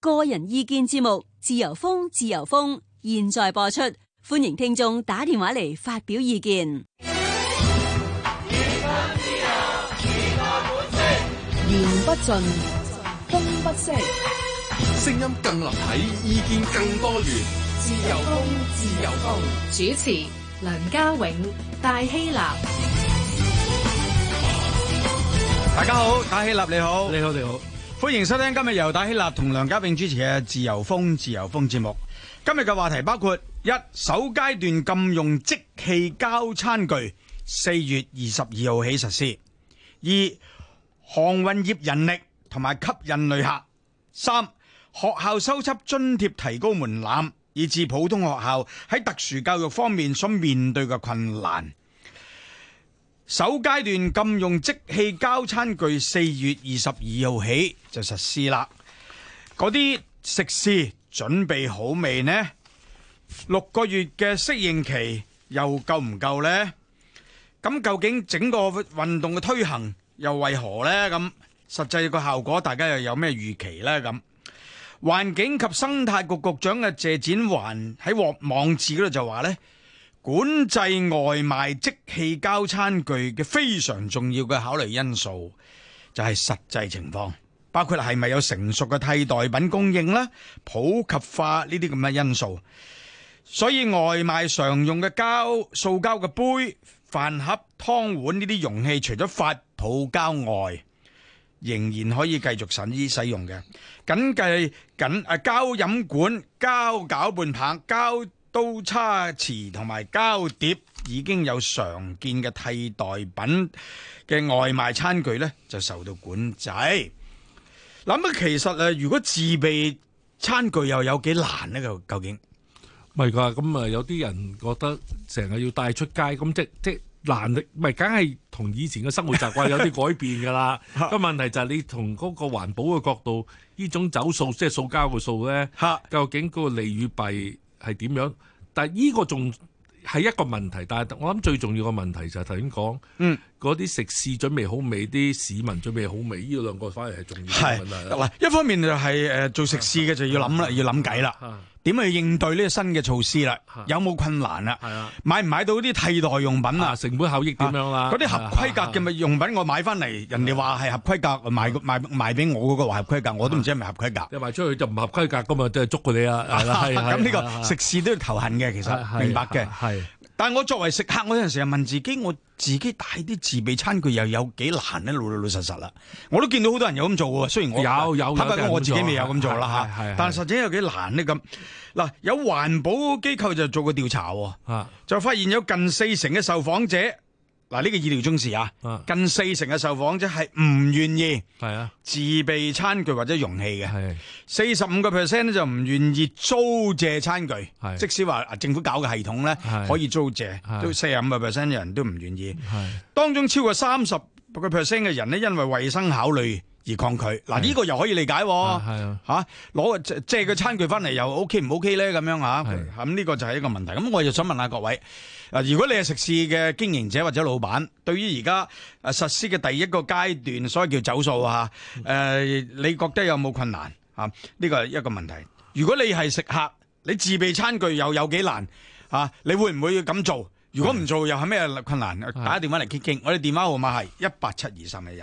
個人意見節目，自由風，自由風，現在播出，歡迎聽眾打電話嚟發表意見。言不盡，風不息，聲音更立體，意見更多元。自由風，自由風。主持：梁家永、戴希立。大家好，戴希立你，你好，你好你好。歡迎收聽今日由戴希立同梁家永主持嘅《自由風》自由風節目。今日嘅話題包括：一、首階段禁用即棄膠餐具，四月二十二號起實施；二、航運業人力同埋吸引旅客；三、學校收輯津貼提高門檻，以致普通學校喺特殊教育方面所面對嘅困難。首階段禁用即棄膠餐具，四月二十二號起就實施啦。嗰啲食肆準備好未呢？六個月嘅適應期又夠唔夠呢？咁究竟整個運動嘅推行又為何呢？咁實際個效果，大家又有咩預期呢？咁環境及生態局局長嘅謝展環喺網網誌嗰度就話呢。管制外賣即棄膠餐具嘅非常重要嘅考慮因素，就係實際情況，包括係咪有成熟嘅替代品供應啦、普及化呢啲咁嘅因素。所以外賣常用嘅膠、塑膠嘅杯、飯盒、湯碗呢啲容器，除咗發泡膠外，仍然可以繼續慎依使用嘅。緊計緊誒，膠飲管、膠攪拌棒、膠。刀叉匙同埋膠碟已經有常見嘅替代品嘅外賣餐具咧，就受到管制。諗咁其實誒，如果自備餐具又有幾難呢？就究竟唔係噶，咁啊有啲人覺得成日要帶出街，咁即即難咪，梗係同以前嘅生活習慣有啲改變噶啦。個 問題就係你同嗰個環保嘅角度，呢種走數即係塑膠嘅數咧， 究竟個利與弊？係點樣？但係呢個仲係一個問題，但係我諗最重要嘅問題就係頭先講。嗯嗰啲食肆準備好未？啲市民準備好未？呢個兩個反而係重要嘅問題。一方面就係做食肆嘅就要諗啦，要諗計啦，點去應對呢個新嘅措施啦？有冇困難啦？買唔買到啲替代用品啊？是成本效益點樣啊？嗰啲合規格嘅用品，我買翻嚟，人哋話係合規格賣賣賣俾我嗰個話合規格，我都唔知係咪合規格。一賣出去就唔合規格，咁啊，係捉佢哋啦。咁呢 個食肆都要頭痕嘅，其實明白嘅。但係我作為食客，我有陣時又問自己，我自己帶啲自備餐具又有幾難咧？老老實實啦，我都見到好多人有咁做喎。雖然我有有，睇我自己未有咁做啦嚇。但係實質有幾難咧咁。嗱，有環保機構就做過調查喎，就發現有近四成嘅受訪者。嗱，呢個意料中事啊！近四成嘅受訪者係唔願意係啊自備餐具或者容器嘅，係四十五個 percent 咧就唔願意租借餐具，即使話啊政府搞嘅系統咧可以租借，都四十五個 percent 嘅人都唔願意。當中超過三十個 percent 嘅人咧，因為衞生考慮而抗拒。嗱，呢個又可以理解喎，係啊嚇攞借嘅餐具翻嚟又 O K 唔 O K 咧咁樣吓，咁、這、呢個就係一個問題。咁我又想問下各位。啊！如果你係食肆嘅經營者或者老闆，對於而家誒實施嘅第一個階段，所謂叫走數吓，誒、呃，你覺得有冇困難啊？呢個係一個問題。如果你係食客，你自備餐具又有,有幾難啊？你會唔會咁做？如果唔做，又係咩困難？的打電話嚟傾傾。我哋電話號碼係一八七二三一一。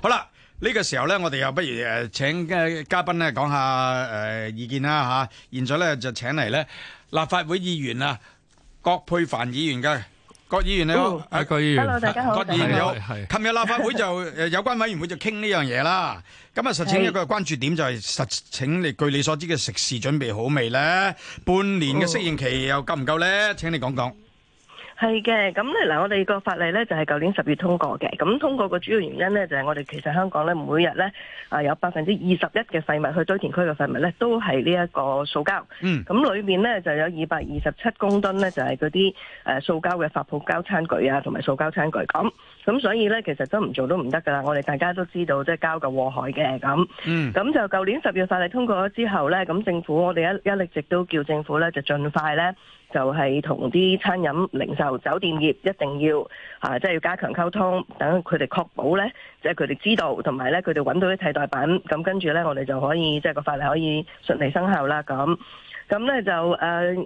好啦。呢個時候咧，我哋又不如誒請誒嘉賓咧講下誒意見啦嚇。現在咧就請嚟咧立法會議員啊，郭佩凡葛珮帆議員嘅。葛議員你好，阿葛議員，大家好，葛議員你好。琴日立法會就誒有關委員會就傾呢樣嘢啦。咁啊，實情一個關注點就係實情你據你所知嘅食肆準備好未咧？半年嘅適應期又夠唔夠咧？請你講講。係嘅，咁咧嗱，我哋個法例咧就係舊年十月通過嘅，咁通過個主要原因咧就係我哋其實香港咧每日咧啊有百分之二十一嘅廢物去堆填區嘅廢物咧都係呢一個塑膠，嗯，咁裏面咧就有二百二十七公噸咧就係嗰啲誒塑膠嘅發泡膠餐具啊，同埋塑膠餐具，咁咁所以咧其實都唔做都唔得噶啦，我哋大家都知道即係、就是、交夠禍害嘅咁，嗯，咁就舊年十月法例通過咗之後咧，咁政府我哋一直一直都叫政府咧就盡快咧。就係同啲餐飲、零售、酒店業一定要啊，即係要加強溝通，等佢哋確保呢，即係佢哋知道，同埋呢，佢哋揾到啲替代品，咁跟住呢，我哋就可以，即係個法例可以順利生效啦咁。咁咧就誒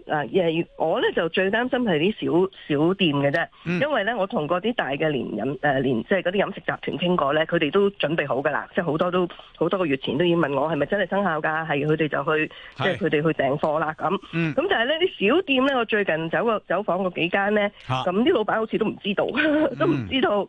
嗱、呃，我咧就最擔心係啲小小店嘅啫，嗯、因為咧我同嗰啲大嘅連飲、呃、連即係嗰啲飲食集團傾過咧，佢哋都準備好噶啦，即係好多都好多個月前都已經問我係咪真係生效㗎，係佢哋就去是即係佢哋去訂貨啦咁。咁、嗯、但係咧啲小店咧，我最近走過走訪過幾間咧，咁啲哈老闆好似都唔知道， 都唔知道。嗯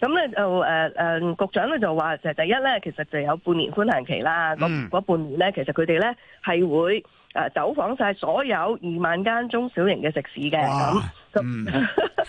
咁咧就誒、呃呃、局長咧就話就係第一咧，其實就有半年寬限期啦。咁嗰、嗯、半年咧，其實佢哋咧係會誒、呃、走訪晒所有二萬間中小型嘅食肆嘅。咁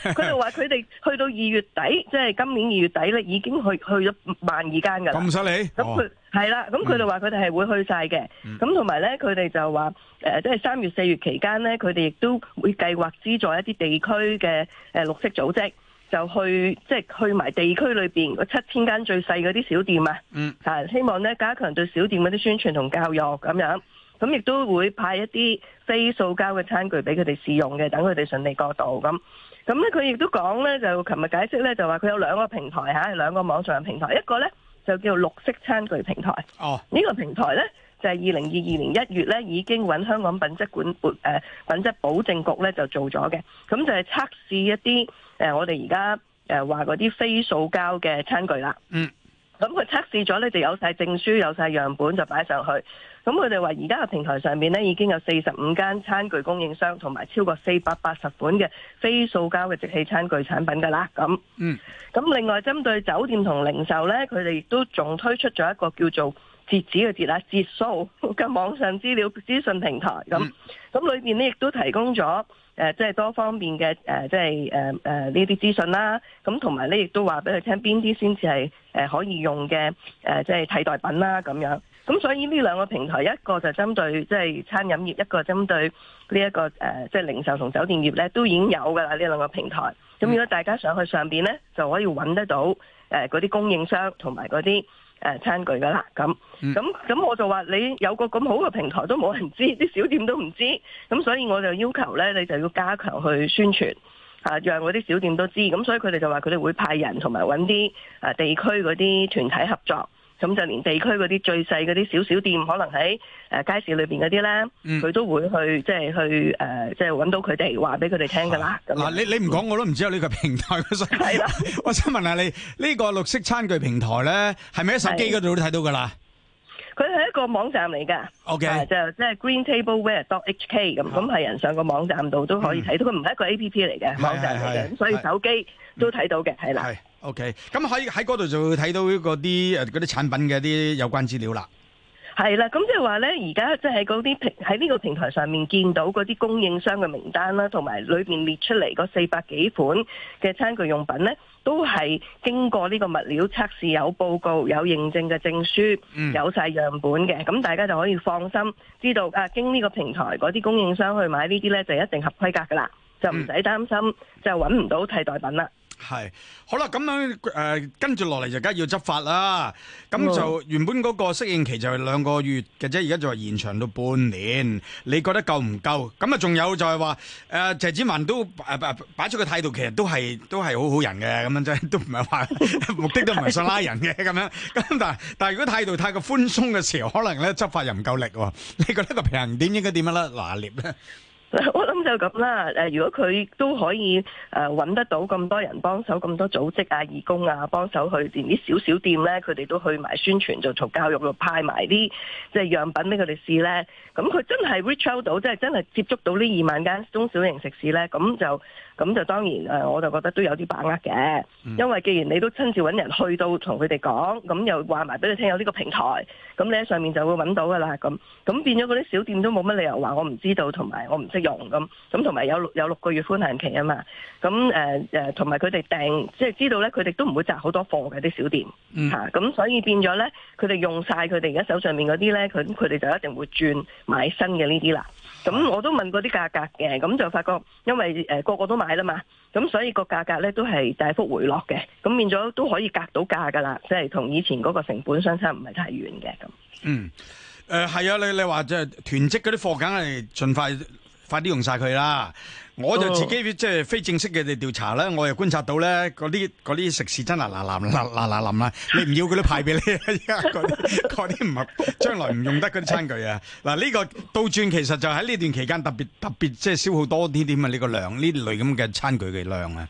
咁佢就話佢哋去到二月底，即、就、係、是、今年二月底咧，已經去去咗萬二間噶啦。咁犀利？咁佢係啦，咁佢哋話佢哋係會去晒嘅。咁同埋咧，佢哋就話誒，即係三月四月期間咧，佢哋亦都會計劃資助一啲地區嘅綠色組織。就去即係、就是、去埋地區裏面七千間最細嗰啲小店啊，嗯，希望咧加強對小店嗰啲宣傳同教育咁樣，咁亦都會派一啲非塑膠嘅餐具俾佢哋試用嘅，等佢哋順利過渡咁。咁咧佢亦都講咧就琴日解釋咧就話佢有兩個平台嚇，啊、兩個網上平台，一個咧就叫綠色餐具平台，哦，呢個平台咧。就係二零二二年一月咧，已經揾香港品質管誒、呃、品質保證局咧就做咗嘅，咁就係測試一啲誒、呃、我哋而家誒話嗰啲非塑膠嘅餐具啦。嗯，咁佢測試咗咧就有晒證書，有晒樣本就擺上去。咁佢哋話而家嘅平台上面咧已經有四十五間餐具供應商同埋超過四百八十款嘅非塑膠嘅即棄餐具產品㗎啦。咁嗯，咁另外針對酒店同零售咧，佢哋亦都仲推出咗一個叫做，截止嘅截啦，截數嘅網上資料資訊平台咁，咁、嗯、裏邊咧亦都提供咗，誒、呃，即係多方面嘅，誒、呃，即、呃、係，誒，誒，呢啲資訊啦，咁同埋咧亦都話俾佢聽邊啲先至係，誒，可以用嘅，誒、呃，即、就、係、是、替代品啦，咁樣，咁所以呢兩個平台，一個就針對即係、就是、餐飲業，一個針對呢、這、一個，誒、呃，即、就、係、是、零售同酒店業咧，都已經有噶啦呢兩個平台，咁、嗯、如果大家上去上邊咧，就可以揾得到，誒、呃，嗰啲供應商同埋嗰啲。誒、啊、餐具噶啦，咁咁咁我就話你有個咁好嘅平台都冇人知，啲小店都唔知，咁所以我就要求呢，你就要加強去宣傳，啊、讓嗰啲小店都知，咁所以佢哋就話佢哋會派人同埋揾啲誒地區嗰啲團體合作。咁就連地區嗰啲最細嗰啲小小店，可能喺誒街市裏邊嗰啲咧，佢都會去即係去誒，即係揾到佢哋話俾佢哋聽噶啦。嗱，你你唔講我都唔知有呢個平台嘅啦。我想問下你呢個綠色餐具平台咧，係咪喺手機嗰度都睇到噶啦？佢係一個網站嚟噶，Okay，就即係 greentableware.hk 咁，咁係人上個網站度都可以睇到。佢唔係一個 A P P 嚟嘅網站嚟嘅，所以手機都睇到嘅，係啦。O.K.，咁可以喺嗰度就會睇到嗰啲誒、嗰啲產品嘅啲有關資料啦。係啦，咁即係話呢，而家即係嗰啲平喺呢個平台上面見到嗰啲供應商嘅名單啦，同埋裏面列出嚟嗰四百幾款嘅餐具用品呢，都係經過呢個物料測試，有報告，有認證嘅證書，有晒樣本嘅，咁、嗯、大家就可以放心知道啊經呢個平台嗰啲供應商去買呢啲呢，就一定合規格噶啦，就唔使擔心、嗯、就揾唔到替代品啦。係，好啦，咁樣誒、呃，跟住落嚟就梗要執法啦。咁就原本嗰個適應期就係兩個月嘅啫，而家就話延長到半年。你覺得夠唔夠？咁啊，仲有就係話誒，謝子文都誒擺、呃、出個態度，其實都係都係好好人嘅，咁樣即都唔係話目的都唔係想拉人嘅咁樣。咁但係但係如果態度太過寬鬆嘅時候，可能咧執法又唔夠力、哦。你覺得個平衡點應該點樣咧？拿捏咧？ 我諗就咁啦，誒，如果佢都可以誒揾得到咁多人幫手，咁多組織啊、義工啊幫手去，連啲小小店呢，佢哋都去埋宣傳，就從教育度派埋啲即係樣品俾佢哋試呢。咁佢真係 reach out 到，即係真係接觸到呢二萬間中小型食肆呢。咁就。咁就當然、呃、我就覺得都有啲把握嘅，因為既然你都親自揾人去到同佢哋講，咁又話埋俾你聽有呢個平台，咁你喺上面就會揾到噶啦，咁咁變咗嗰啲小店都冇乜理由話我唔知道同埋我唔識用咁，咁同埋有有六個月寬限期啊嘛，咁呃呃、同埋佢哋訂，即係知道咧，佢哋都唔會集好多貨嘅啲小店，嚇、嗯啊，咁所以變咗咧，佢哋用晒佢哋而家手上面嗰啲咧，佢佢哋就一定會轉買新嘅呢啲啦。咁我都問過啲價格嘅，咁就發覺因為誒、呃、個個都買啦嘛，咁所以個價格咧都係大幅回落嘅，咁變咗都可以隔到價噶啦，即、就、係、是、同以前嗰個成本相差唔係太遠嘅咁。嗯，誒、呃、係啊，你你話即係囤積嗰啲貨，梗係盡快快啲用晒佢啦。我就自己、oh. 即係非正式嘅嚟調查啦。我又觀察到咧，嗰啲啲食肆真係嗱嗱嗱嗱嗱嗱啦，你唔要佢都派俾你啊！家嗰啲啲唔係，將來唔用得嗰啲餐具啊！嗱，呢個倒轉其實就喺呢段期間特別特別即係消耗多啲點啊！呢、呢個量呢類咁嘅餐具嘅量啊！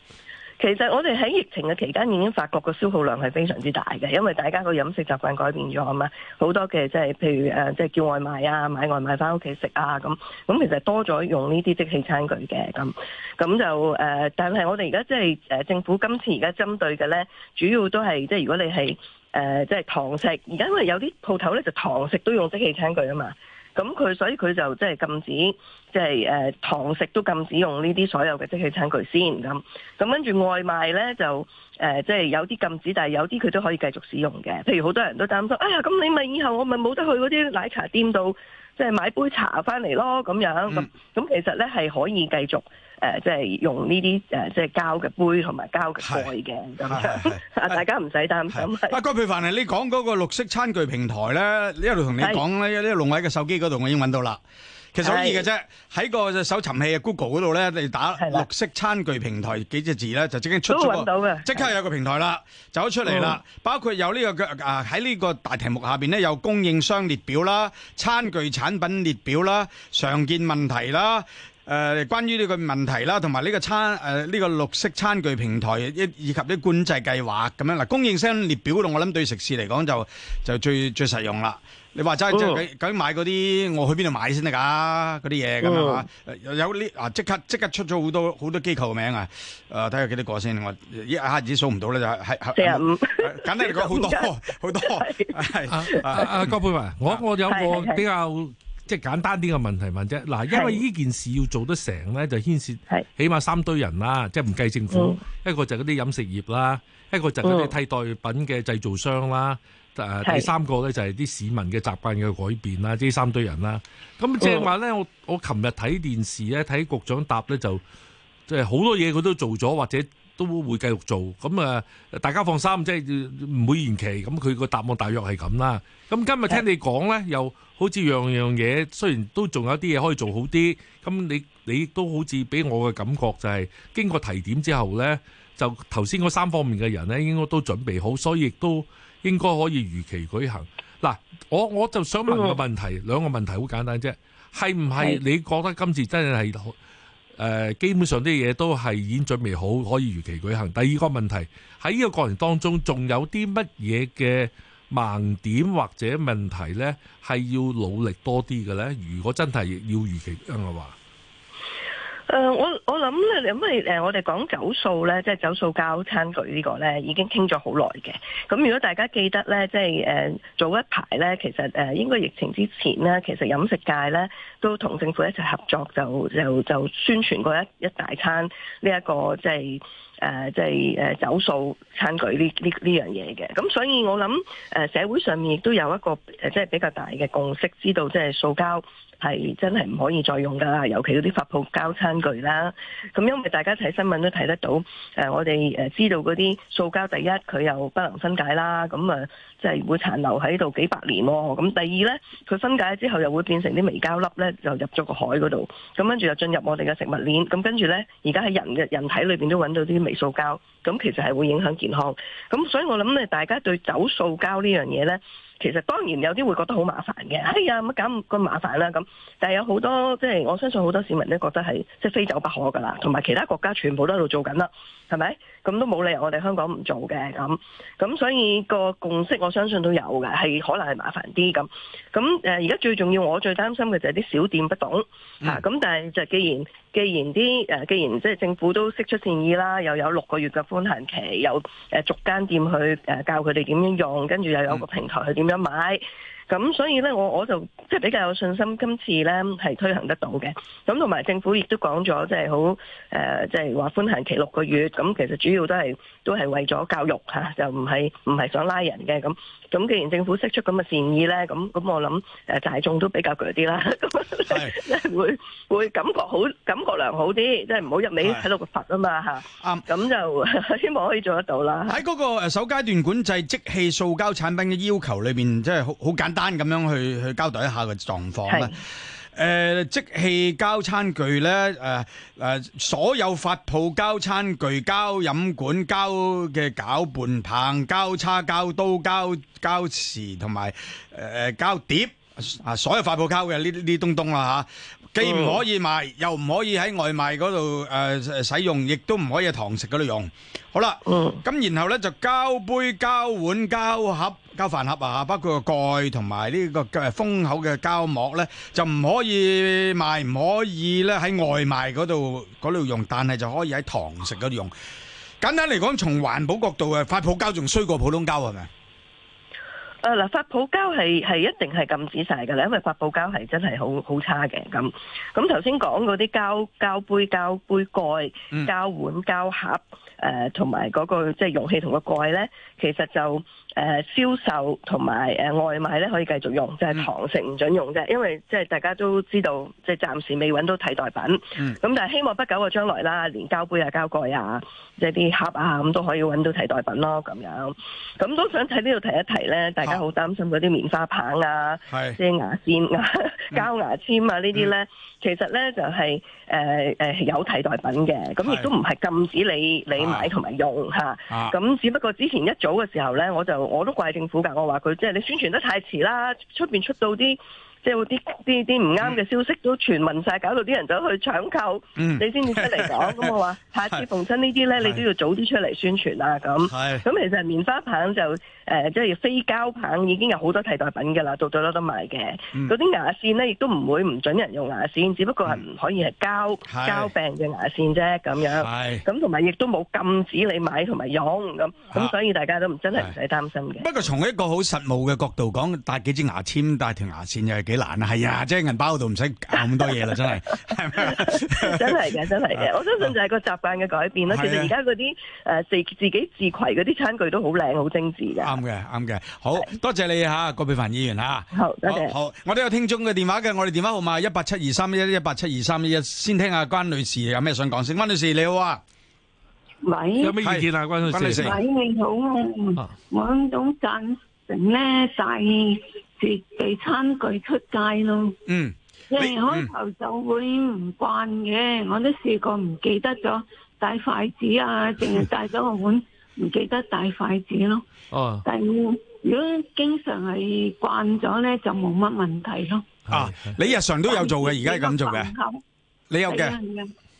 其實我哋喺疫情嘅期間已經發覺個消耗量係非常之大嘅，因為大家個飲食習慣改變咗啊嘛，好多嘅即係譬如誒，即、呃、係叫外賣啊，買外賣返屋企食啊，咁咁其實多咗用呢啲即棄餐具嘅，咁咁就誒、呃，但係我哋而家即係誒政府今次而家針對嘅咧，主要都係即係如果你係誒即係堂食，而家因為有啲鋪頭咧就堂食都用即棄餐具啊嘛。咁佢所以佢就即係禁止，即係誒堂食都禁止用呢啲所有嘅即棄餐具先，咁咁跟住外賣咧就誒即係有啲禁止，但係有啲佢都可以繼續使用嘅。譬如好多人都擔心，哎呀，咁你咪以後我咪冇得去嗰啲奶茶店度，即係買杯茶翻嚟咯咁樣。咁咁其實咧係可以繼續。誒，即係、呃就是、用呢啲誒，即係膠嘅杯同埋膠嘅蓋嘅，咁大家唔使擔心。阿、啊、葛珮帆，你講嗰個綠色餐具平台咧，一是路同你講咧，呢個錄喺個手機嗰度，我已經揾到啦。其實好易嘅啫，喺是個搜尋器嘅 Google 嗰度咧，你打綠色餐具平台幾隻字咧，就即經出咗個，到即刻有個平台啦，是走咗出嚟啦。嗯、包括有呢、這個嘅啊，喺、呃、呢個大題目下面咧，有供應商列表啦、餐具產品列表啦、常見問題啦。誒，關於呢個問題啦，同埋呢個餐誒呢個綠色餐具平台，一以及啲管制計劃咁樣嗱，供應商列表咯，我諗對食肆嚟講就就最最實用啦。你話齋係即係，佢買嗰啲，我去邊度買先得㗎？嗰啲嘢咁啊！有呢啊，即刻即刻出咗好多好多機構嘅名啊！誒，睇下幾多個先，我一下子數唔到咧，就係係四五。簡單嚟講，好多好多。係啊啊！葛珮帆，我我有個比較。即係簡單啲嘅問題問啫。嗱，因為呢件事要做得成咧，是就牽涉起碼三堆人啦，即係唔計政府，嗯、一個就係嗰啲飲食業啦，嗯、一個就係嗰啲替代品嘅製造商啦，誒、嗯，第三個咧就係啲市民嘅習慣嘅改變啦，呢是三堆人啦。咁即係話咧，我我琴日睇電視咧，睇局長答咧就即係好多嘢佢都做咗，或者都會繼續做。咁啊，大家放心，即係唔會延期。咁佢個答案大約係咁啦。咁今日聽你講咧，又是。好似樣樣嘢，雖然都仲有啲嘢可以做好啲，咁你你都好似俾我嘅感覺就係、是、經過提點之後呢，就頭先嗰三方面嘅人呢，應該都準備好，所以亦都應該可以如期舉行。嗱，我我就想問個問題，我兩個問題好簡單啫，係唔係你覺得今次真係誒、呃、基本上啲嘢都係已經準備好可以如期舉行？第二個問題喺呢個過程當中仲有啲乜嘢嘅盲點或者問題咧，係要努力多啲嘅咧。如果真係要預期，咁嘅話呃、我我諗咧，因為我哋講走塑咧，即係走塑膠餐具個呢個咧，已經傾咗好耐嘅。咁如果大家記得咧，即係誒早一排咧，其實、呃、應該疫情之前呢，其實飲食界咧都同政府一齊合作，就就就宣傳過一一大餐呢、這、一個即係即係誒走塑餐具呢呢呢樣嘢嘅。咁所以我諗誒、呃、社會上面亦都有一個即係、就是、比較大嘅共識，知道即係塑膠，係真係唔可以再用㗎啦，尤其嗰啲發泡膠餐具啦。咁因為大家睇新聞都睇得到，呃、我哋知道嗰啲塑膠第一佢又不能分解啦，咁啊即係、就是、會殘留喺度幾百年喎、喔。咁第二呢，佢分解之後又會變成啲微膠粒呢，就入咗個海嗰度，咁跟住又進入我哋嘅食物鏈。咁跟住呢，而家喺人嘅人體裏面都揾到啲微塑膠，咁其實係會影響健康。咁所以我諗呢，大家對走塑膠呢樣嘢呢。其實當然有啲會覺得好麻煩嘅，哎呀乜咁咁麻煩啦咁，但係有好多即係我相信好多市民都覺得係即係非走不可㗎啦，同埋其他國家全部都喺度做緊啦，係咪？咁都冇理由我哋香港唔做嘅，咁，咁所以個共識我相信都有嘅，係可能係麻煩啲咁。咁而家最重要我最擔心嘅就係啲小店不懂吓咁、嗯啊、但係就既然既然啲既然即係政府都釋出善意啦，又有六個月嘅寬限期，又、呃、逐間店去、呃、教佢哋點樣用，跟住又有個平台去點。想買。咁所以咧，我我就即係比較有信心，今次咧係推行得到嘅。咁同埋政府亦都講咗，即係好誒，即係話寬限期六個月。咁其實主要都係都係為咗教育吓、啊，就唔係唔係想拉人嘅。咁咁既然政府釋出咁嘅善意咧，咁咁我諗誒大眾都比較鋸啲啦，即的 會會感覺好感覺良好啲，即係唔好入味喺度罰嘛的啊嘛吓。咁樣就希望 可以做得到啦。喺嗰個首階段管制即棄塑膠產品嘅要求裏邊，即係好好簡單。單咁樣去去交代一下個狀況誒，即棄膠餐具咧，誒、呃、誒，所有發泡膠餐具、膠飲管、膠嘅攪拌棒、膠叉、膠刀、膠刀膠匙同埋誒，膠碟啊，所有發泡膠嘅呢呢東東啦吓。啊既唔可以賣，又唔可以喺外賣嗰度誒使用，亦都唔可以喺堂食嗰度用。好啦，咁、嗯、然後呢，就膠杯、膠碗、膠盒、膠飯盒啊，包括蓋個蓋同埋呢個風封口嘅膠膜呢，就唔可以賣，唔可以咧喺外賣嗰度嗰度用，但係就可以喺堂食嗰度用。簡單嚟講，從環保角度嘅發泡膠仲衰過普通膠係咪？誒嗱，發泡、啊、膠係係一定係禁止曬嘅咧，因為發泡膠係真係好好差嘅。咁咁，頭先講嗰啲膠膠杯、膠杯蓋、膠碗、膠盒，誒同埋嗰個即係、就是、容器同個蓋咧，其實就。誒、呃、銷售同埋誒外賣咧可以繼續用，即係堂食唔準用啫，因為即係大家都知道，即係暫時未揾到替代品。咁、嗯、但係希望不久嘅將來啦，連膠杯啊、膠蓋啊、即係啲盒啊，咁都可以揾到替代品咯。咁樣咁都想喺呢度提一提咧，大家好擔心嗰啲棉花棒啊、即係牙線啊、膠牙籤啊呢啲咧，嗯嗯、其實咧就係、是。誒誒、呃呃、有替代品嘅，咁亦都唔係禁止你是你買同埋用吓，咁、啊啊、只不過之前一早嘅時候咧，我就我都怪政府㗎，我話佢即係你宣傳得太遲啦，出面出到啲即係啲啲啲唔啱嘅消息都傳聞晒，搞到啲人走去搶購你，你先至出嚟講，咁 我話下次逢親呢啲咧，是你都要早啲出嚟宣傳啊咁，咁是其實棉花棒就。誒，即係、呃、非膠棒已經有好多替代品㗎啦，做咗都得賣嘅。嗰啲、嗯、牙線咧，亦都唔會唔準人用牙線，只不過係唔可以係膠是膠柄嘅牙線啫，咁樣。係是。咁同埋亦都冇禁止你買同埋用咁，咁、啊、所以大家都唔真係唔使擔心嘅。不過從一個好實務嘅角度講，帶幾支牙籤，帶條牙線又係幾難啊！係啊，即係銀包度唔使搞咁多嘢啦，真係。真係嘅，真係嘅。我相信就係個習慣嘅改變啦。啊、其實而家嗰啲誒自己自攜嗰啲餐具都好靚，好精緻嘅。啊啱嘅，啱嘅，好的多謝你吓、啊，葛珮帆議員吓，啊、好，多謝，好，我都有聽眾嘅電話嘅，我哋電話號碼一八七二三一一八七二三一，先聽下關女士有咩想講先。關女士你好啊。喂，有咩意見啊，關女士，你好，我都贊成咧，帶自備餐具出街咯。嗯，你開頭就會唔慣嘅，我都試過唔記得咗帶筷子啊，淨係帶咗個碗。 唔記得帶筷子咯，哦、但係如果經常係慣咗咧，就冇乜問題咯。啊，你日常都有做嘅，而家係咁做嘅，盒你有嘅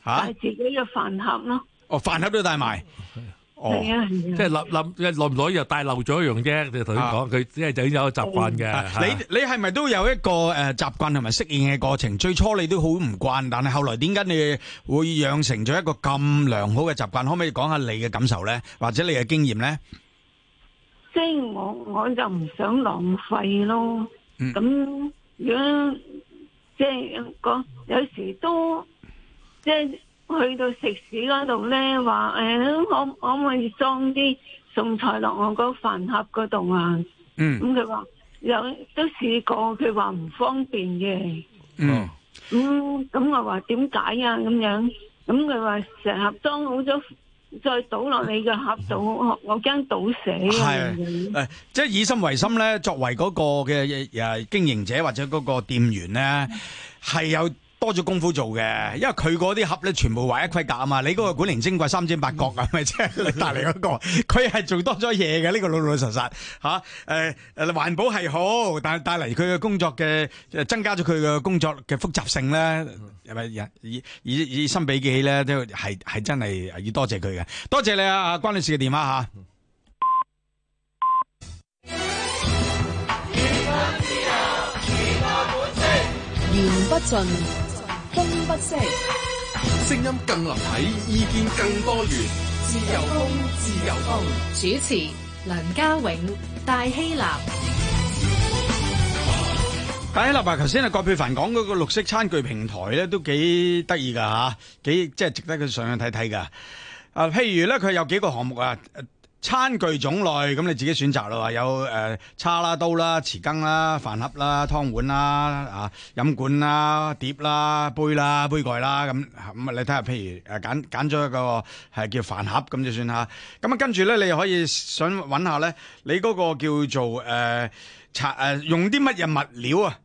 嚇，係自己嘅飯盒咯。啊、哦，飯盒都帶埋。Okay. 係啊，即係立立，耐唔耐又帶漏咗一樣啫。我同佢講，佢即係已經有個習慣嘅。你你係咪都有一個誒習慣同埋適應嘅過程？最初你都好唔慣，但係後來點解你會養成咗一個咁良好嘅習慣？可唔可以講下你嘅感受咧，或者你嘅經驗咧？即係我我就唔想浪費咯。咁如果即係講有時都即係。去到食肆嗰度咧，話誒，我我咪裝啲餸菜落我個飯盒嗰度啊。嗯，咁佢話有都試過，佢話唔方便嘅。嗯，咁咁我話點解啊？咁樣，咁佢話成盒裝好咗，再倒落你個盒度，我驚倒死。係，誒，即係以心為心咧，作為嗰個嘅誒經營者或者嗰個店員咧，係有。多咗功夫做嘅，因為佢嗰啲盒咧全部唯一規格啊嘛，你嗰個古靈精怪三尖八角啊，係咪啫？ 你帶嚟嗰個，佢係做多咗嘢嘅呢個老老實實吓，誒、啊、誒，環、呃、保係好，但係帶嚟佢嘅工作嘅增加咗佢嘅工作嘅複雜性咧，係咪、嗯、以以以，以心比己咧，都係係真係要多謝佢嘅，多謝你啊，關女士嘅電話吓、啊。嗯風不息，聲音更立體，意見更多元。自由風，自由風。主持：梁家永，戴希立。戴希立，頭先啊，葛珮帆講嗰個綠色餐具平台咧，都幾得意噶吓，幾即係值得佢上去睇睇噶。啊、呃，譬如咧，佢有幾個項目啊。呃餐具種類咁你自己選擇咯，話有誒叉啦、刀啦、匙羹啦、飯盒啦、湯碗啦、啊飲管啦、碟啦、杯啦、杯蓋啦，咁咁你睇下，譬如誒揀揀咗一個係叫飯盒咁就算下。咁啊跟住咧，你又可以想揾下咧，你嗰個叫做誒、呃呃、用啲乜嘢物料啊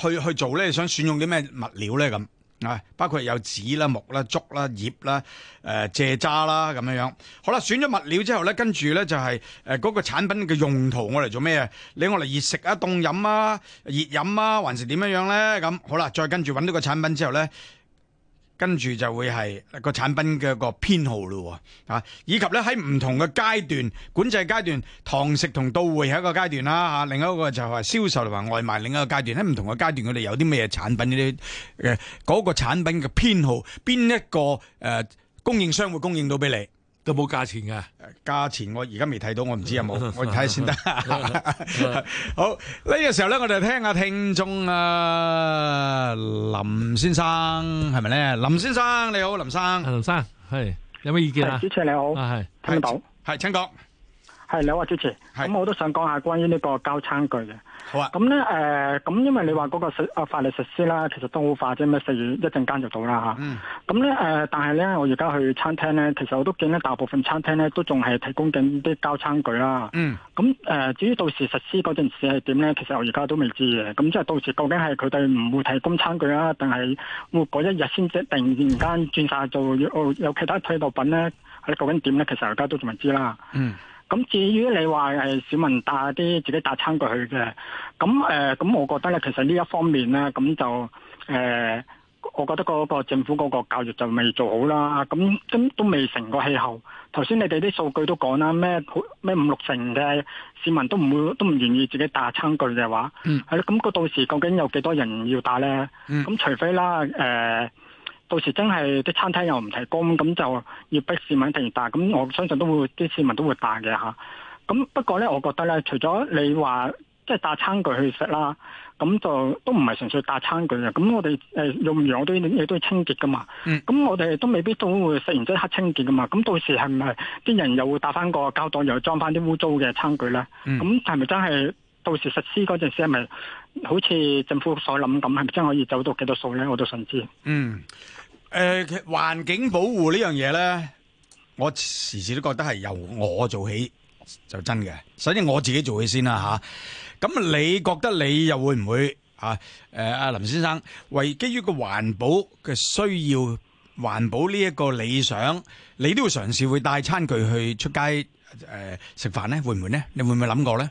去去做咧？想選用啲咩物料咧咁？啊！包括有紙啦、木啦、竹啦、葉啦、誒、呃、蔗渣啦咁樣樣，好啦，選咗物料之後咧，跟住咧就係誒嗰個產品嘅用途，我嚟做咩？你我嚟熱食啊、凍飲啊、熱飲啊，還是點樣樣咧？咁好啦，再跟住揾到個產品之後咧。跟住就會係個產品嘅個偏好咯，啊，以及呢喺唔同嘅階段，管制階段，堂食同到會係一個階段啦，啊，另一個就係銷售同埋外賣另一個階段，喺唔同嘅階段，佢哋有啲咩產品呢？嗰、呃嗰個產品嘅偏好，邊一個誒、呃、供應商會供應到俾你？都冇價錢噶，價錢我而家未睇到，我唔知有冇， 我睇下先得。 好呢、這個時候咧，我哋聽下聽眾啊林先生係咪咧？林先生，林先生你好，林先生，林先生係有咩意見啊？主持你好，係、啊、聽到，係請講，係你好啊主持咁是我都想講下關於呢個膠餐具嘅。好啊！咁咧、嗯，誒、嗯，咁、嗯、因為你話嗰個實啊法律實施啦，其實都好快啫，咩四月一陣間就到啦嚇。咁咧，嗯、但係咧，我而家去餐廳咧，其實我都見咧大部分餐廳咧都仲係提供緊啲交餐具啦。嗯。咁誒，至於到時實施嗰陣時係點咧，其實我而家都未知嘅。咁即係到時究竟係佢哋唔會提供餐具啊，定係嗰一日先即係突然間轉晒做有其他替代品咧？係究竟點咧？其實而家都仲未知啦。嗯。咁至於你話誒、欸，市民帶啲自己帶餐具去嘅，咁誒，咁、呃、我覺得咧，其實呢一方面呢，咁就誒、呃，我覺得嗰個政府嗰個教育就未做好啦，咁都都未成個氣候。頭先你哋啲數據都講啦，咩好咩五六成嘅市民都唔會都唔願意自己帶餐具嘅話，嗯，係啦，咁到時究竟有幾多人要帶咧？咁、嗯、除非啦，誒、呃。到時真係啲餐廳又唔提供，咁就要逼市民突然打，咁我相信都會啲市民都會帶嘅嚇。咁不過咧，我覺得咧，除咗你話即係帶餐具去食啦，咁就都唔係純粹帶餐具嘅。咁我哋誒、呃、用唔完都啲嘢都要清潔噶嘛。咁、mm. 我哋都未必都會食完即刻清潔噶嘛。咁到時係唔係啲人又會帶翻個膠袋，又裝翻啲污糟嘅餐具咧？咁係咪真係到時實施嗰陣時係咪好似政府所諗咁，係咪真係可以走到幾多數咧？我都想知。嗯。Mm. 誒，環境保護呢樣嘢呢，我時時都覺得係由我做起就真嘅，所以我自己做起先啦吓。咁你覺得你又會唔會啊？誒，阿林先生，為基於個環保嘅需要，環保呢一個理想，你都會嘗試會帶餐具去出街誒食飯呢，會唔會呢？你會唔會諗過呢？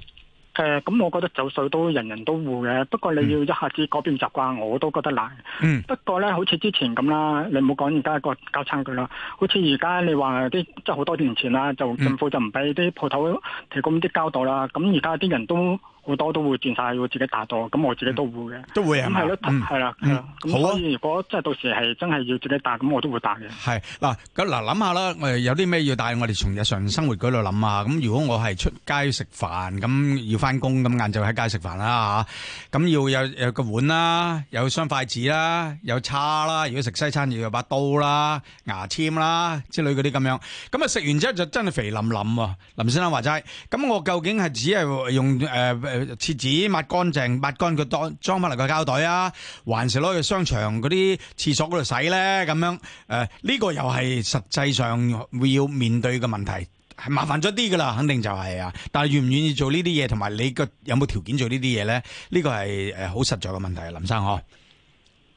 誒，咁、嗯、我覺得酒水都人人都會嘅，不過你要一下子改變習慣，我都覺得難。嗯，不過咧，好似之前咁啦，你冇講而家個膠餐具啦，好似而家你話啲即係好多年前啦，就政府就唔俾啲鋪頭提供啲膠袋啦，咁而家啲人都。好多都會轉晒，要自己打多，咁我自己會都會嘅，都會啊，咁係咯，係啦，如果真係到時係真係要自己打，咁我都會打嘅。係嗱，咁嗱諗下啦，我哋有啲咩要帶？我哋從日常生活嗰度諗啊。咁如果我係出街食飯，咁要返工，咁晏晝喺街食飯啦，咁要有有個碗啦，有雙筷子啦，有叉啦。如果食西餐，要有把刀啦、牙籤啦之類嗰啲咁樣。咁啊食完之後就真係肥淋淋喎。林先生話齋，咁我究竟係只係用誒？呃切紙抹乾淨，抹乾淨裝翻落個膠袋啊，還是攞去商場嗰啲廁所嗰度洗咧？咁樣誒，呢個又係實際上會要面對嘅問題，係麻煩咗啲噶啦，肯定就係啊。但係願唔願意做呢啲嘢，同埋你個有冇條件做呢啲嘢咧？呢個係誒好實在嘅問題啊，林生嗬。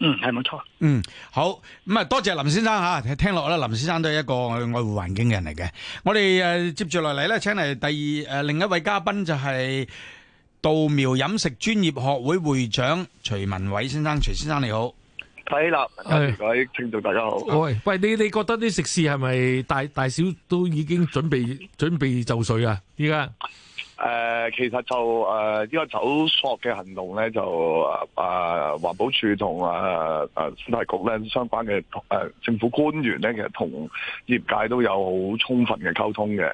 嗯，係冇錯。嗯，好咁啊，多謝林先生吓。聽落咧，林先生都係一個愛護環境嘅人嚟嘅。我哋誒接住落嚟咧，請嚟第二誒另一位嘉賓就係。稻苗飲食專業學會會長徐汶緯先生。徐先生你好。係啦，各位聽眾大家好。喂，喂，你你覺得啲食肆係咪大大小都已經準備準備就緒啊？依家？誒、呃，其實就誒呢、呃這個搜索嘅行動咧，就誒、呃、環保署同誒誒生態局咧相關嘅誒、呃、政府官員咧，其實同業界都有好充分嘅溝通嘅。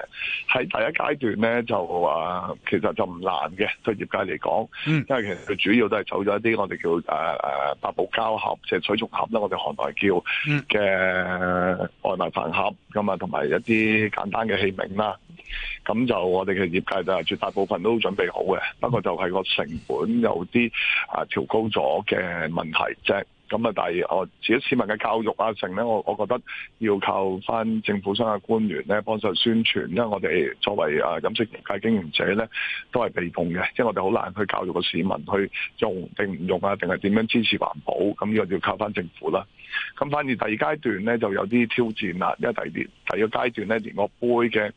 喺第一階段咧，就話、呃、其實就唔難嘅，對業界嚟講，嗯、因為其實佢主要都係走咗一啲我哋叫誒誒八寶膠盒、石彩竹盒啦，我哋行內叫嘅外賣飯盒咁啊，同埋一啲簡單嘅器皿啦。咁就我哋嘅業界就係絕大部分都準備好嘅，不過就係個成本有啲啊調高咗嘅問題啫。咁啊！第二，我至於市民嘅教育啊，成咧，我我覺得要靠翻政府相嘅官員咧幫助宣傳，因為我哋作為飲食業界經營者咧，都係被動嘅，即係我哋好難去教育個市民去用定唔用啊，定係點樣支持環保，咁呢個要靠翻政府啦。咁反而第二階段咧就有啲挑戰啦，因為第二第二個階段咧，連個杯嘅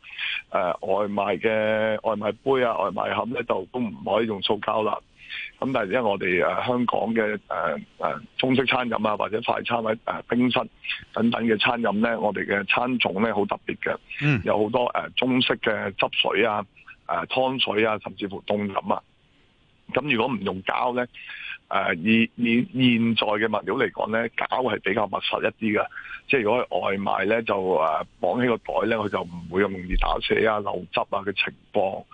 誒外賣嘅外賣杯啊、外賣盒咧，就都唔可以用塑膠啦。咁但係因為我哋香港嘅中式餐飲啊，或者快餐位冰室等等嘅餐飲咧，我哋嘅餐種咧好特別嘅，嗯、有好多中式嘅汁水啊、湯水啊，甚至乎凍飲啊。咁如果唔用膠咧，以現在嘅物料嚟講咧，膠係比較密實一啲嘅。即係如果外賣咧，就綁起個袋咧，佢就唔會咁容易打瀉啊、漏汁啊嘅情況。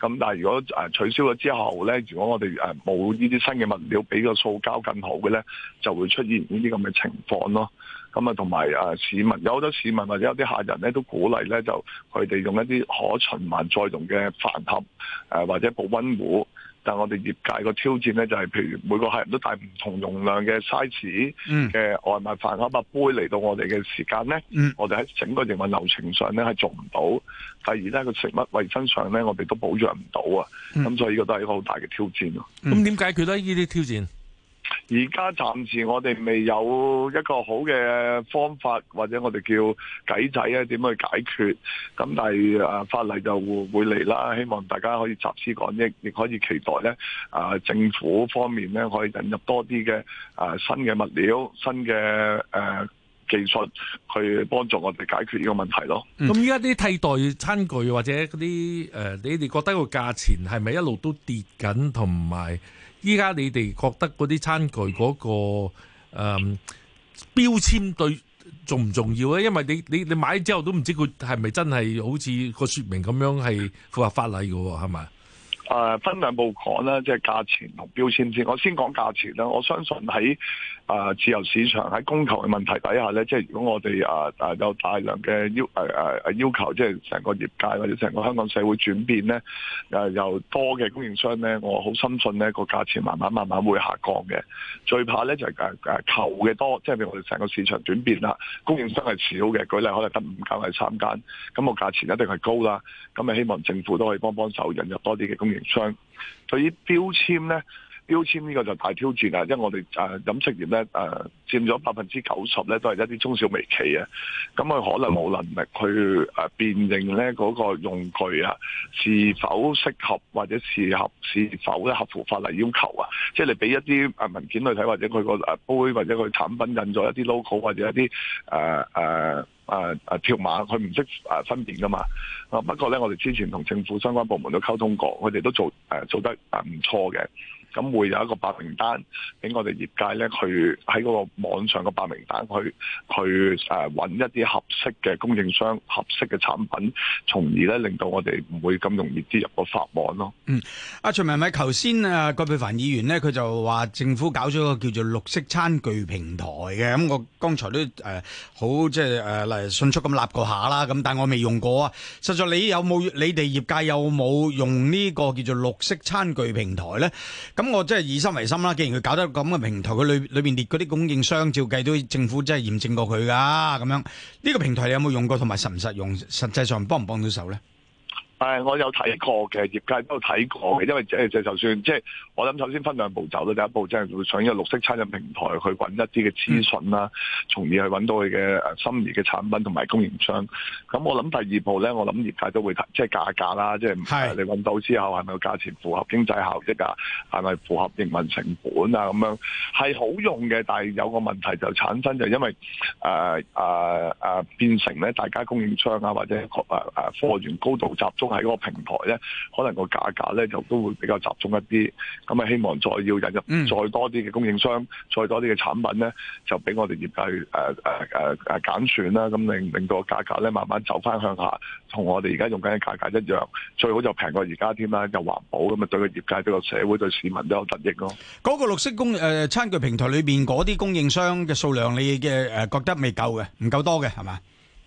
咁但係如果誒取消咗之後咧，如果我哋誒冇呢啲新嘅物料俾個塑膠更好嘅咧，就會出現呢啲咁嘅情況咯。咁啊，同埋誒市民有好多市民或者有啲客人咧都鼓勵咧，就佢哋用一啲可循環再用嘅飯盒誒或者保温壺。但係我哋業界個挑戰咧就係、是，譬如每個客人都帶唔同容量嘅 size 嘅、mm. 外賣飯盒或杯嚟到我哋嘅時間咧，我哋喺整個營運流程上咧係做唔到。第二呢個食物衞生上咧，我哋都保障唔到啊，咁、嗯、所以呢個都係一個好大嘅挑戰咯、啊。咁點、嗯、解決得呢啲挑戰，而家暫時我哋未有一個好嘅方法，或者我哋叫計仔啊，點去解決？咁但係、啊、法例就會嚟啦。希望大家可以集思廣益，亦可以期待咧，啊，政府方面咧可以引入多啲嘅、啊、新嘅物料、新嘅技術去幫助我哋解決呢個問題咯。咁依家啲替代餐具或者嗰啲誒，你哋覺得個價錢係咪一路都跌緊？同埋依家你哋覺得嗰啲餐具嗰個誒標籤對重唔重要咧？因為你你你買之後都唔知佢係咪真係好似個説明咁樣係符合法例嘅喎，係咪？誒、呃，分兩步講啦，即係價錢同標籤先。我先講價錢啦，我相信喺。啊！自由市場喺供求嘅問題底下咧，即係如果我哋啊啊有大量嘅要誒誒、呃、要求，即係成個業界或者成個香港社會轉變咧，誒、呃、又多嘅供應商咧，我好深信咧、這個價錢慢慢慢慢會下降嘅。最怕咧就係誒誒求嘅多，即係我哋成個市場轉變啦，供應商係少嘅，舉例可能得五間或者三間，咁、那個價錢一定係高啦。咁啊希望政府都可以幫幫手，引入多啲嘅供應商。對於標籤咧。標籤呢個就大挑戰啦，因為我哋誒飲食業咧誒佔咗百分之九十咧，都係一啲中小微企啊，咁佢可能冇能力去誒辨認咧嗰個用具啊是否適合或者合是否合乎法例要求啊？即係你俾一啲文件去睇，或者佢個杯或者佢產品印咗一啲 logo 或者一啲誒誒誒條碼，佢唔識分辨噶嘛。不過咧，我哋之前同政府相關部門都溝通過，佢哋都做做得誒唔錯嘅。咁會有一個白名單俾我哋業界咧，去喺嗰個網上嘅白名單去去誒揾一啲合適嘅供應商、合適嘅產品，從而咧令到我哋唔會咁容易接入個法網咯。嗯，阿、啊、徐汶緯頭先啊，葛珮帆議員呢，佢就話政府搞咗個個叫做綠色餐具平台嘅，咁、嗯、我剛才都誒、呃、好即係誒、呃、迅速咁立過下啦，咁但我未用過啊。實在你有冇你哋業界有冇用呢個叫做綠色餐具平台咧？咁、嗯我真係以心為心啦，既然佢搞得咁嘅平台，佢裏裏邊列嗰啲供應商，照計都政府真係驗證過佢噶咁樣。呢個平台你有冇用過，同埋實唔實用，實際上幫唔幫到手咧？誒，我有睇過嘅，業界都有睇過嘅，因為即係就算即係，就是、我諗首先分兩步走咯，第一步即係會上一個綠色餐飲平台去揾一啲嘅資訊啦，嗯、從而去揾到佢嘅心儀嘅產品同埋供應商。咁我諗第二步咧，我諗業界都會睇，即、就、係、是、價格啦，即、就、係、是、你揾到之後係咪有價錢符合經濟效益啊？係咪符合營運成本啊？咁樣係好用嘅，但係有個問題就產生就因為誒、呃呃呃、變成咧大家供應商啊或者誒誒貨源高度集中。喺嗰個平台咧，可能個價格咧就都會比較集中一啲，咁啊希望再要引入再多啲嘅供應商，嗯、再多啲嘅產品咧，就俾我哋業界誒誒誒誒揀選啦，咁令令到個價格咧慢慢走翻向下，同我哋而家用緊嘅價格一樣，最好就平過而家添啦，又環保咁啊，對個業界對個社會對市民都有得益咯、啊。嗰個綠色供誒、呃、餐具平台裏邊嗰啲供應商嘅數量你，你嘅誒覺得未夠嘅，唔夠多嘅係嘛？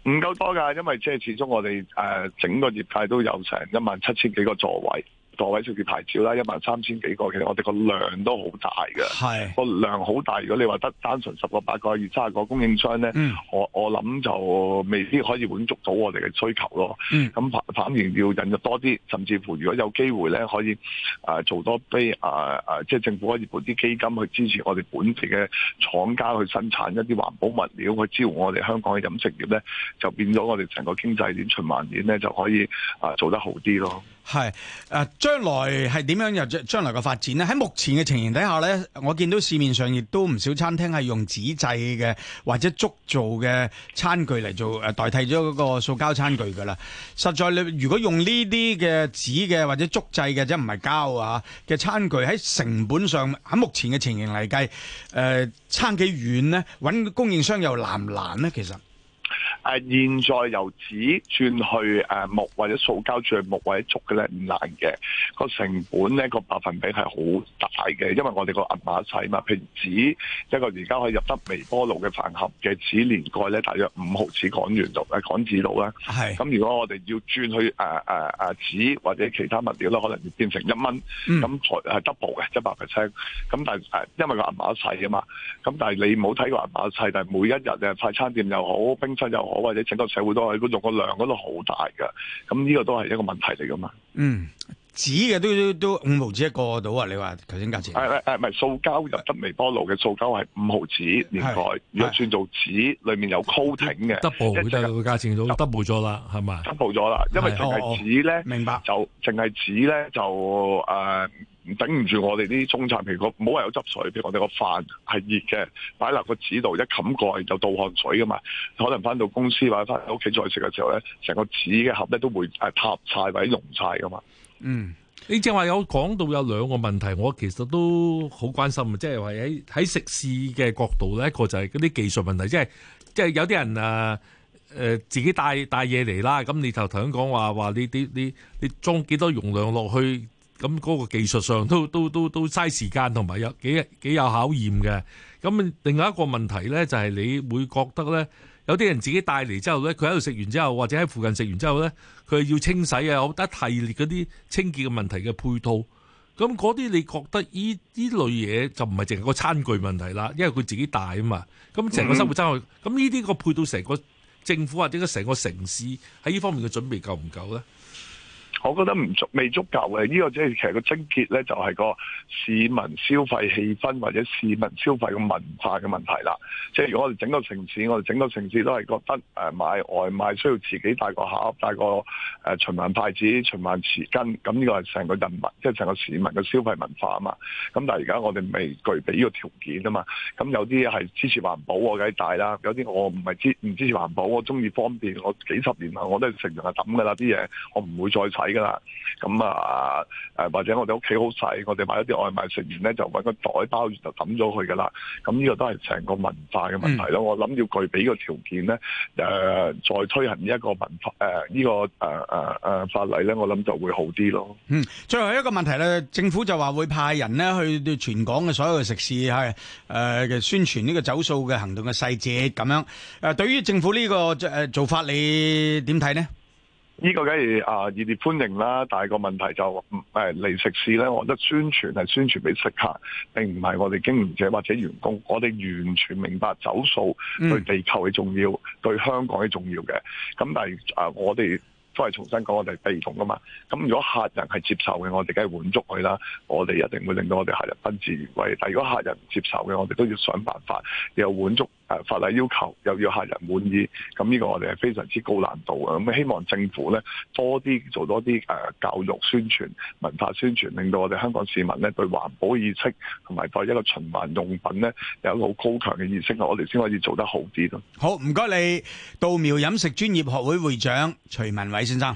唔夠多噶，因為即係始終我哋誒整個業界都有成一萬七千幾個座位。座位少少牌照啦，一萬三千幾個，其實我哋是個量都好大嘅，個量好大。如果你話得單純十個八個二三十個供應商咧、嗯，我我諗就未必可以滿足到我哋嘅需求咯。咁反、嗯、反而要引入多啲，甚至乎如果有機會咧，可以、呃、做多啲誒誒，即、呃就係、政府可以撥啲基金去支持我哋本地嘅廠家去生產一啲環保物料，去支援我哋香港嘅飲食業咧，就變咗我哋成個經濟鏈循環鏈咧就可以啊、呃、做得好啲咯。係，誒、啊、將來係點樣又將將來個發展呢？喺目前嘅情形底下呢，我見到市面上亦都唔少餐廳係用紙製嘅或者竹做嘅餐具嚟做誒、呃、代替咗嗰個塑膠餐具㗎喇。實在你如果用呢啲嘅紙嘅或者竹製嘅，即唔係膠的啊嘅餐具，喺成本上喺目前嘅情形嚟計，誒、呃、差幾遠呢？揾供應商又難唔難呢？其實藍藍？誒現在由紙轉去誒木或者塑膠轉去木或者竹嘅咧唔難嘅，個成本咧個百分比係好大嘅，因為我哋個銀碼細啊嘛。譬如紙一個而家可以入得微波爐嘅飯盒嘅紙連蓋咧，大約五毫紙港元度誒港紙度啦。係咁，港是如果我哋要轉去誒誒誒紙或者其他物料咧，可能要變成一蚊。咁才係 double 嘅，一百 percent。咁但係誒，因為個銀碼細啊嘛。咁但係你冇睇個銀碼細，但係每一日嘅快餐店又好，冰室又好。我或者整個社會都喺嗰用個量嗰度好大嘅，咁呢個都係一個問題嚟噶嘛。嗯，紙嘅都都五毫紙一個到啊！你話頭先價錢，係係唔係塑膠入得微波爐嘅塑膠係五毫紙連如果算做紙，裏面有 coating 嘅，double 咗啦，價錢都 double 咗啦，係咪？double 咗啦，因為淨係紙咧、哦哦，明白就淨係紙咧就、呃不頂唔住我哋啲中餐，譬如唔好話有汁水，譬如我哋個飯係熱嘅，擺落個紙度一冚蓋,上蓋上就倒汗水噶嘛。可能翻到公司或者翻屋企再食嘅時候咧，成個紙嘅盒咧都會誒塌晒或者溶晒噶嘛。嗯，你正話有講到有兩個問題，我其實都好關心即係話喺喺食肆嘅角度咧，一個就係嗰啲技術問題，即係即係有啲人啊、呃呃、自己帶帶嘢嚟啦。咁你頭頭講講話話呢啲你你裝幾多容量落去？咁嗰個技術上都都都都嘥時間，同埋有有幾幾有考驗嘅。咁另外一個問題呢，就係你會覺得呢，有啲人自己帶嚟之後呢，佢喺度食完之後，或者喺附近食完之後呢，佢要清洗啊，我覺得一系列嗰啲清潔嘅問題嘅配套。咁嗰啲你覺得呢呢類嘢就唔係淨係個餐具問題啦，因為佢自己帶啊嘛。咁成個生活真去，咁呢啲個配套成個政府或者成個城市喺呢方面嘅準備夠唔夠呢？我覺得唔足未足夠嘅，呢、這個即、就、係、是、其實個症結咧就係、是、個市民消費氣氛或者市民消費個文化嘅問題啦。即係如果我哋整個城市，我哋整個城市都係覺得誒、呃、買外賣需要自己帶個盒、帶個誒、呃、循環筷子、循環匙羹，咁呢個係成個人民，即係成個市民嘅消費文化啊嘛。咁但係而家我哋未具備呢個條件啊嘛。咁有啲係支持環保我梗係帶啦，有啲我唔係支唔支持環保，我中意方便，我幾十年後我都係成日係揼噶啦啲嘢，我唔會再噶啦，咁啊誒，或者我哋屋企好細，我哋買咗啲外賣食完咧，就揾個袋包住就抌咗佢噶啦。咁呢個都係成個文化嘅問題咯。我諗要具備個條件咧，誒，再推行一個文化誒呢個誒誒誒法例咧，我諗就會好啲咯。嗯，最後一個問題咧，政府就話會派人咧去全港嘅所有嘅食肆係誒、呃、宣傳呢個走數嘅行動嘅細節咁樣。誒、呃，對於政府呢個誒做、呃、做法，你點睇咧？呢個梗係啊熱烈歡迎啦，但係個問題就誒嚟、呃、食肆咧，我覺得宣傳係宣傳俾食客，並唔係我哋經營者或者員工。我哋完全明白走數對地球嘅重要，嗯、對香港嘅重要嘅。咁但係啊，我哋都係重新講，我哋係被動㗎嘛。咁如果客人係接受嘅，我哋梗係滿足佢啦。我哋一定會令到我哋客人賓至如歸。但如果客人唔接受嘅，我哋都要想辦法有滿足。法例要求又要客人滿意，咁、這、呢個我哋係非常之高難度啊，咁希望政府咧多啲做多啲誒教育宣傳文化宣傳，令到我哋香港市民咧對環保意識同埋對一個循環用品咧有一個好高強嘅意識，我哋先可以做得好啲咯。好，唔該，你稻苗飲食專業學會會、會長徐汶緯先生。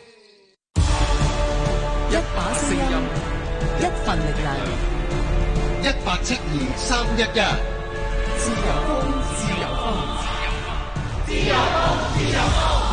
一把聲音，一份力量，一八七二三一一。自由風自由風自由風自由風自由風自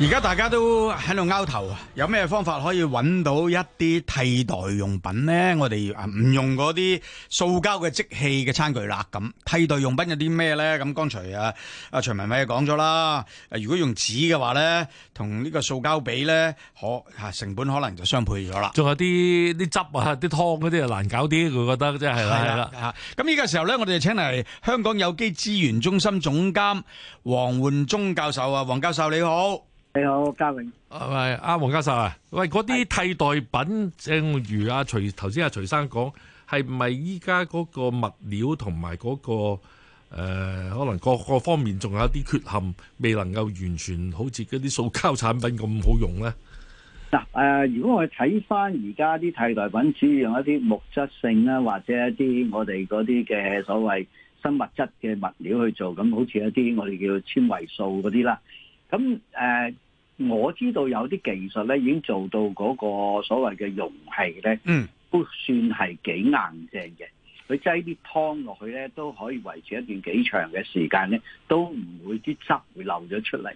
而家大家都喺度拗頭啊！有咩方法可以揾到一啲替代用品呢？我哋唔用嗰啲塑膠嘅即棄嘅餐具啦，咁替代用品有啲咩咧？咁剛才啊，阿徐汶緯講咗啦，如果用紙嘅話咧，同呢個塑膠比咧，可成本可能就雙倍咗啦。仲有啲啲汁啊，啲湯嗰啲就難搞啲，佢覺得真係係啦，咁呢個時候咧，我哋就請嚟香港有機資源中心總監黃煥忠教授啊，黃教授你好。你好，嘉穎。係阿黃教授啊家，喂，嗰啲替代品，正如阿、啊、徐頭、啊、先阿徐生講，係唔係依家嗰個物料同埋嗰個誒、呃，可能各個方面仲有啲缺陷，未能夠完全好似嗰啲塑膠產品咁好用咧？嗱，誒，如果我哋睇翻而家啲替代品，主要用一啲木質性啦，或者一啲我哋嗰啲嘅所謂生物質嘅物料去做，咁好似一啲我哋叫纖維素嗰啲啦。咁誒、呃，我知道有啲技術咧，已經做到嗰個所謂嘅容器咧，嗯，都算係幾硬淨嘅。佢擠啲湯落去咧，都可以維持一段幾長嘅時間咧，都唔會啲汁會漏咗出嚟。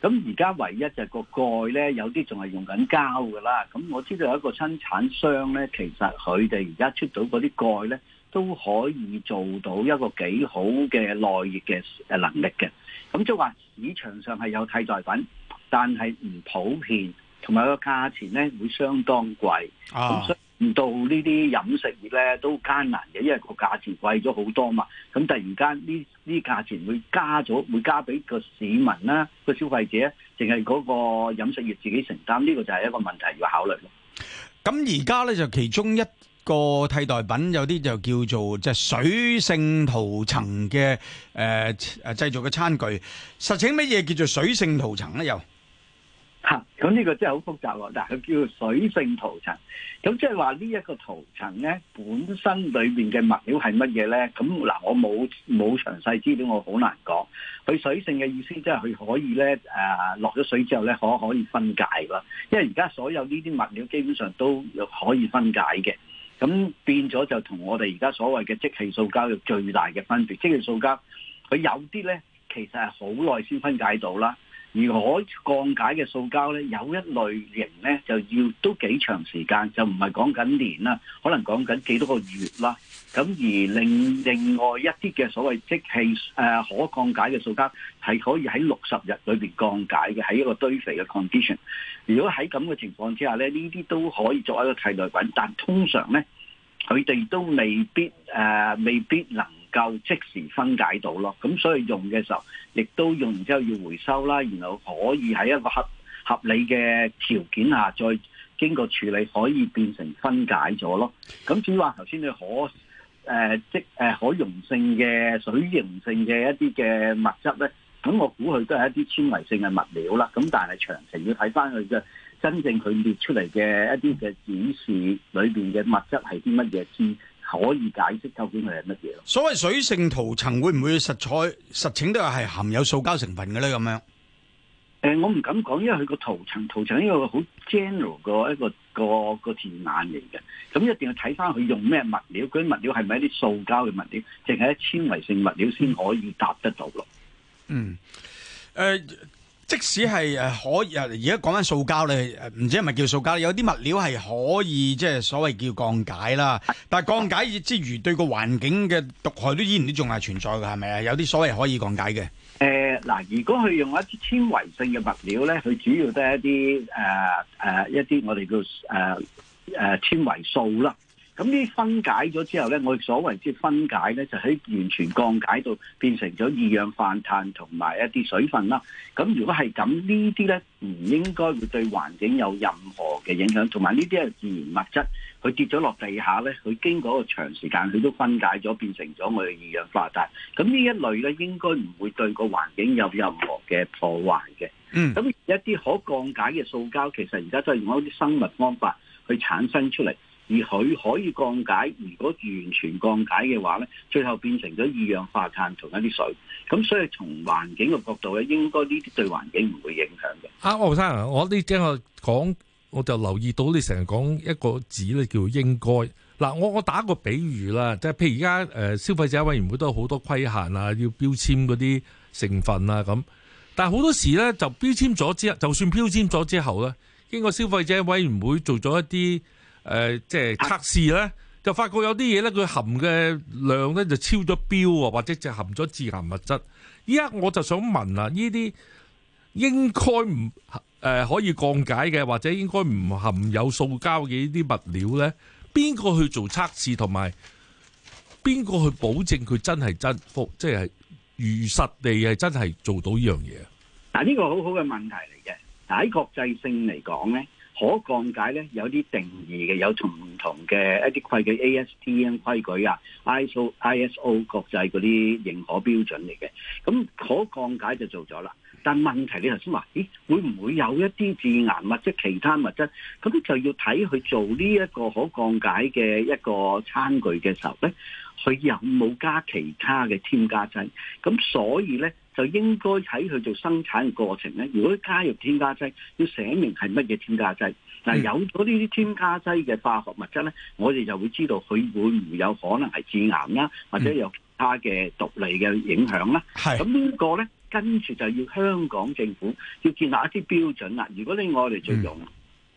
咁而家唯一就係個蓋咧，有啲仲係用緊膠㗎喇。咁我知道有一個生產商咧，其實佢哋而家出到嗰啲蓋咧。都可以做到一個幾好嘅耐熱嘅誒能力嘅，咁即係話市場上係有替代品，但係唔普遍，同埋個價錢咧會相當貴，咁、啊、所以唔到呢啲飲食業咧都艱難嘅，因為個價錢貴咗好多嘛，咁突然間呢呢價錢會加咗，會加俾個市民啦個消費者，淨係嗰個飲食業自己承擔，呢、這個就係一個問題要考慮咯。咁而家咧就其中一個替代品有啲就叫做即係水性塗層嘅誒誒，製、呃、造嘅餐具。實情乜嘢叫做水性塗層咧？又吓，咁呢、啊、個真係好複雜喎。嗱、啊，佢叫做水性塗層。咁即係話呢一個塗層咧，本身裏邊嘅物料係乜嘢咧？咁、啊、嗱，我冇冇詳細資料，我好難講。佢水性嘅意思即係佢可以咧誒落咗水之後咧可可以分解啦。因為而家所有呢啲物料基本上都係可以分解嘅。咁變咗就同我哋而家所謂嘅即棄塑膠最大嘅分別，即棄塑膠佢有啲咧，其實係好耐先分解到啦。而可降解嘅塑膠咧，有一類型咧就要都幾長時間，就唔係講緊年啦，可能講緊幾多個月啦。咁而另另外一啲嘅所謂即係、呃、可降解嘅塑膠，係可以喺六十日裏面降解嘅，喺一個堆肥嘅 condition。如果喺咁嘅情況之下咧，呢啲都可以作為一個替代品，但通常咧佢哋都未必、呃、未必能。夠即時分解到咯，咁所以用嘅時候，亦都用完之後要回收啦，然後可以喺一個合合理嘅條件下，再經過處理可以變成分解咗咯。咁至於話頭先你可誒、呃、即誒、呃、可溶性嘅水溶性嘅一啲嘅物質咧，咁我估佢都係一啲纖維性嘅物料啦。咁但係詳情要睇翻佢嘅真正佢列出嚟嘅一啲嘅展示裏邊嘅物質係啲乜嘢先？可以解釋究竟佢係乜嘢咯？所謂水性塗層會唔會實採實請都係含有塑膠成分嘅咧？咁樣誒，我唔敢講，因為佢個塗層塗層呢個好 general 嘅一個一個一個,一個,一個字眼嚟嘅。咁一定要睇翻佢用咩物料，嗰啲物料係咪一啲塑膠嘅物料，淨係一纖維性物料先可以達得到咯。嗯，誒、呃。即使係誒可以，而家講緊塑膠咧，唔知係咪叫塑膠？有啲物料係可以即係所謂叫降解啦，但係降解之餘，對個環境嘅毒害都依然都仲係存在嘅，係咪啊？有啲所謂可以降解嘅誒，嗱、呃，如果佢用一啲纖維性嘅物料咧，佢主要都係一啲誒誒一啲我哋叫誒誒纖維素啦。咁呢啲分解咗之後咧，我所謂即係分解咧，就喺完全降解到變成咗二氧化碳同埋一啲水分啦。咁如果係咁，呢啲咧唔應該會對環境有任何嘅影響，同埋呢啲係自然物質，佢跌咗落地下咧，佢經過一個長時間，佢都分解咗變成咗我哋二氧化碳。咁呢一類咧，應該唔會對個環境有任何嘅破壞嘅。嗯，咁一啲可降解嘅塑膠，其實而家都係用一啲生物方法去產生出嚟。而佢可以降解，如果完全降解嘅話咧，最後變成咗二氧化碳同一啲水咁，所以從環境嘅角度咧，應該呢啲對環境唔會影響嘅啊。黃生，我呢聽我講，我就留意到你成日講一個字咧，叫應該。嗱，我我打個比喻啦，即係譬如而家誒，消費者委員會都有好多規限啊，要標籤嗰啲成分啊咁，但係好多時咧就標籤咗之後，就算標籤咗之後咧，經過消費者委員會做咗一啲。誒、呃、即係測試咧，啊、就發覺有啲嘢咧，佢含嘅量咧就超咗標啊，或者就含咗致癌物質。依家我就想問啦呢啲應該唔、呃、可以降解嘅，或者應該唔含有塑膠嘅呢啲物料咧，邊個去做測試，同埋邊個去保證佢真係真，即係如實地係真係做到呢樣嘢啊？嗱，呢個好好嘅問題嚟嘅。但喺國際性嚟講咧。可降解咧有啲定義嘅，有同唔同嘅一啲規矩，ASTM 規矩啊，ISO ISO 國際嗰啲認可標準嚟嘅，咁可降解就做咗啦。但問題你頭先話，咦會唔會有一啲致癌物質、其他物質？咁就要睇佢做呢一個可降解嘅一個餐具嘅時候咧，佢有冇加其他嘅添加劑？咁所以咧。就應該喺佢做生產嘅過程咧，如果加入添加劑，要寫明係乜嘢添加劑。嗱、嗯啊，有咗呢啲添加劑嘅化學物質咧，我哋就會知道佢會唔會有可能係致癌啦，或者有其他嘅毒嚟嘅影響啦。咁、嗯、呢個咧，跟住就要香港政府要建立一啲標準啦。如果你我哋做用，嗯、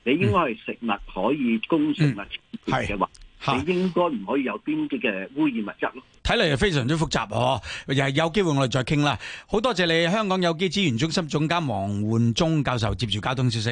你應該係食物可以供食物嘅話、嗯你應該唔可以有邊啲嘅污染物質咯？睇嚟係非常之複雜，又係有機會我哋再傾啦。好多謝你，香港有機資源中心總監黃煥忠教授，接住交通消息。